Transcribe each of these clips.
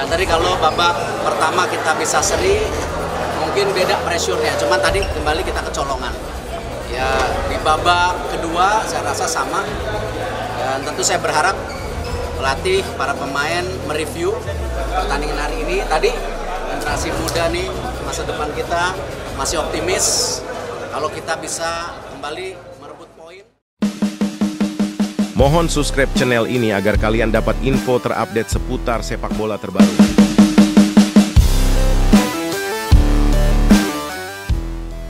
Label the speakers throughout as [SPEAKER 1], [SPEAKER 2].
[SPEAKER 1] Dan tadi kalau babak pertama kita bisa seri, mungkin beda pressure-nya. Cuman tadi kembali kita kecolongan. Ya di babak kedua saya rasa sama. Dan tentu saya berharap pelatih, para pemain mereview pertandingan hari ini. Tadi generasi muda nih masa depan kita masih optimis kalau kita bisa kembali merebut poin. Mohon subscribe channel ini agar kalian dapat info terupdate seputar sepak bola terbaru.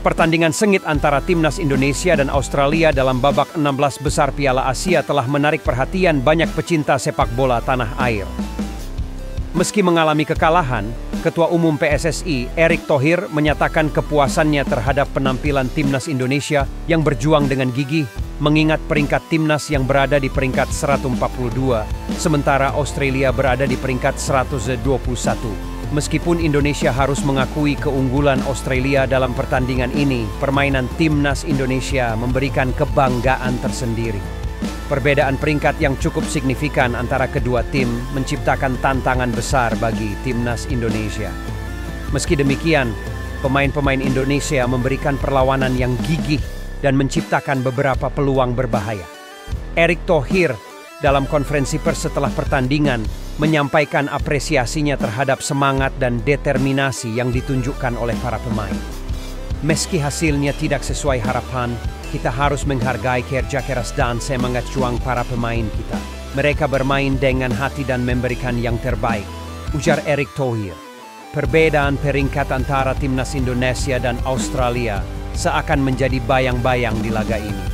[SPEAKER 1] Pertandingan sengit antara timnas Indonesia dan Australia dalam babak 16 besar Piala Asia telah menarik perhatian banyak pecinta sepak bola tanah air. Meski mengalami kekalahan, Ketua Umum PSSI Erick Thohir menyatakan kepuasannya terhadap penampilan timnas Indonesia yang berjuang dengan gigih mengingat peringkat timnas yang berada di peringkat 142, sementara Australia berada di peringkat 121. Meskipun Indonesia harus mengakui keunggulan Australia dalam pertandingan ini, permainan timnas Indonesia memberikan kebanggaan tersendiri. Perbedaan peringkat yang cukup signifikan antara kedua tim menciptakan tantangan besar bagi timnas Indonesia. Meski demikian, pemain-pemain Indonesia memberikan perlawanan yang gigih dan menciptakan beberapa peluang berbahaya. Erick Thohir dalam konferensi pers setelah pertandingan menyampaikan apresiasinya terhadap semangat dan determinasi yang ditunjukkan oleh para pemain. Meski hasilnya tidak sesuai harapan, kita harus menghargai kerja keras dan semangat juang para pemain kita. Mereka bermain dengan hati dan memberikan yang terbaik, ujar Erick Thohir. Perbedaan peringkat antara timnas Indonesia dan Australia seakan menjadi bayang-bayang di laga ini.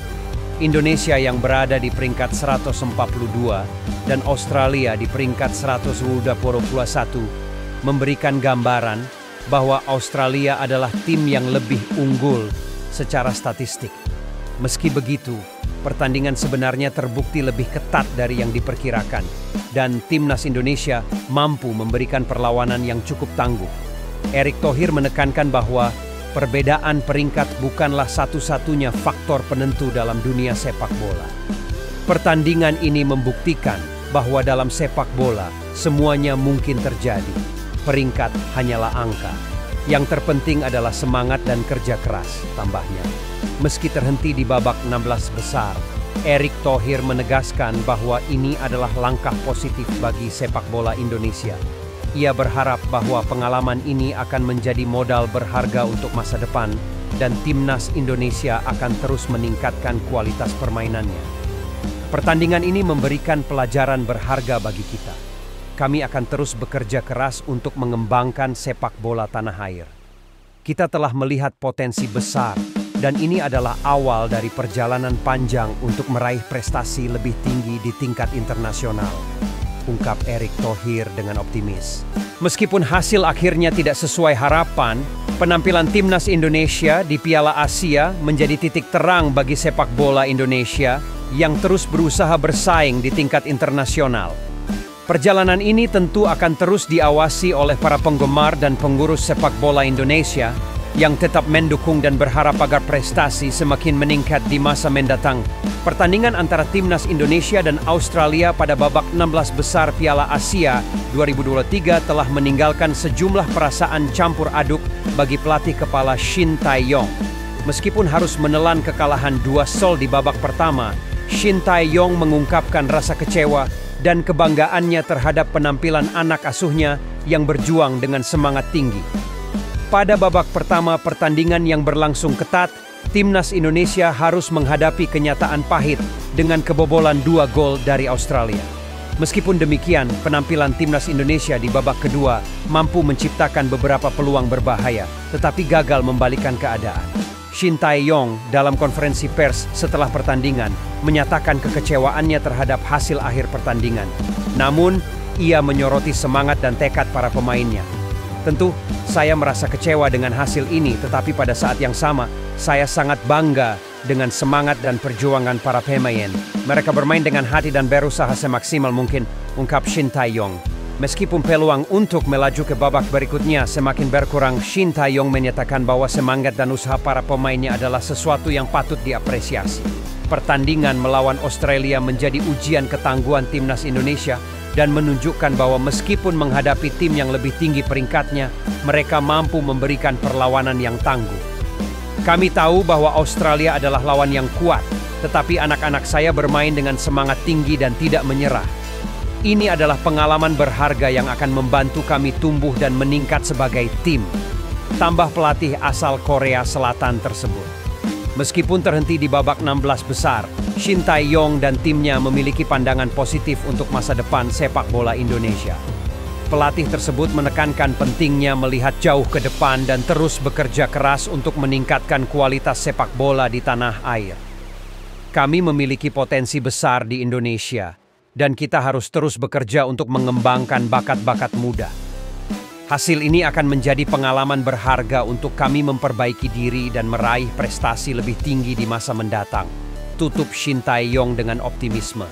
[SPEAKER 1] Indonesia yang berada di peringkat 142 dan Australia di peringkat 121 memberikan gambaran bahwa Australia adalah tim yang lebih unggul secara statistik. Meski begitu, pertandingan sebenarnya terbukti lebih ketat dari yang diperkirakan dan timnas Indonesia mampu memberikan perlawanan yang cukup tangguh. Erick Thohir menekankan bahwa Perbedaan peringkat bukanlah satu-satunya faktor penentu dalam dunia sepak bola. Pertandingan ini membuktikan bahwa dalam sepak bola semuanya mungkin terjadi. Peringkat hanyalah angka. Yang terpenting adalah semangat dan kerja keras, tambahnya. Meski terhenti di babak 16 besar, Erick Thohir menegaskan bahwa ini adalah langkah positif bagi sepak bola Indonesia ia berharap bahwa pengalaman ini akan menjadi modal berharga untuk masa depan dan timnas Indonesia akan terus meningkatkan kualitas permainannya. Pertandingan ini memberikan pelajaran berharga bagi kita. Kami akan terus bekerja keras untuk mengembangkan sepak bola tanah air. Kita telah melihat potensi besar dan ini adalah awal dari perjalanan panjang untuk meraih prestasi lebih tinggi di tingkat internasional ungkap Erick Thohir dengan optimis. Meskipun hasil akhirnya tidak sesuai harapan, penampilan timnas Indonesia di Piala Asia menjadi titik terang bagi sepak bola Indonesia yang terus berusaha bersaing di tingkat internasional. Perjalanan ini tentu akan terus diawasi oleh para penggemar dan pengurus sepak bola Indonesia yang tetap mendukung dan berharap agar prestasi semakin meningkat di masa mendatang. Pertandingan antara timnas Indonesia dan Australia pada babak 16 besar Piala Asia 2023 telah meninggalkan sejumlah perasaan campur aduk bagi pelatih kepala Shin Tae-yong. Meskipun harus menelan kekalahan dua sol di babak pertama, Shin Tae-yong mengungkapkan rasa kecewa dan kebanggaannya terhadap penampilan anak asuhnya yang berjuang dengan semangat tinggi. Pada babak pertama pertandingan yang berlangsung ketat, timnas Indonesia harus menghadapi kenyataan pahit dengan kebobolan dua gol dari Australia. Meskipun demikian, penampilan timnas Indonesia di babak kedua mampu menciptakan beberapa peluang berbahaya, tetapi gagal membalikan keadaan. Shin Tae-yong dalam konferensi pers setelah pertandingan menyatakan kekecewaannya terhadap hasil akhir pertandingan. Namun, ia menyoroti semangat dan tekad para pemainnya Tentu, saya merasa kecewa dengan hasil ini, tetapi pada saat yang sama, saya sangat bangga dengan semangat dan perjuangan para pemain. Mereka bermain dengan hati dan berusaha semaksimal mungkin, ungkap Shin Taeyong. Meskipun peluang untuk melaju ke babak berikutnya semakin berkurang, Shin Taeyong menyatakan bahwa semangat dan usaha para pemainnya adalah sesuatu yang patut diapresiasi. Pertandingan melawan Australia menjadi ujian ketangguhan timnas Indonesia dan menunjukkan bahwa meskipun menghadapi tim yang lebih tinggi peringkatnya, mereka mampu memberikan perlawanan yang tangguh. Kami tahu bahwa Australia adalah lawan yang kuat, tetapi anak-anak saya bermain dengan semangat tinggi dan tidak menyerah. Ini adalah pengalaman berharga yang akan membantu kami tumbuh dan meningkat sebagai tim. Tambah pelatih asal Korea Selatan tersebut. Meskipun terhenti di babak 16 besar, Shin Tae-yong dan timnya memiliki pandangan positif untuk masa depan sepak bola Indonesia. Pelatih tersebut menekankan pentingnya melihat jauh ke depan dan terus bekerja keras untuk meningkatkan kualitas sepak bola di tanah air. Kami memiliki potensi besar di Indonesia, dan kita harus terus bekerja untuk mengembangkan bakat-bakat muda. Hasil ini akan menjadi pengalaman berharga untuk kami memperbaiki diri dan meraih prestasi lebih tinggi di masa mendatang. Tutup Shin Taeyong dengan optimisme.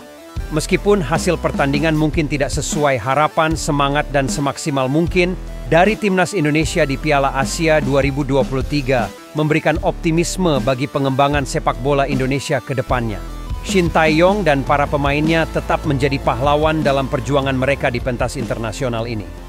[SPEAKER 1] Meskipun hasil pertandingan mungkin tidak sesuai harapan, semangat dan semaksimal mungkin, dari Timnas Indonesia di Piala Asia 2023 memberikan optimisme bagi pengembangan sepak bola Indonesia ke depannya. Shin Taeyong dan para pemainnya tetap menjadi pahlawan dalam perjuangan mereka di pentas internasional ini.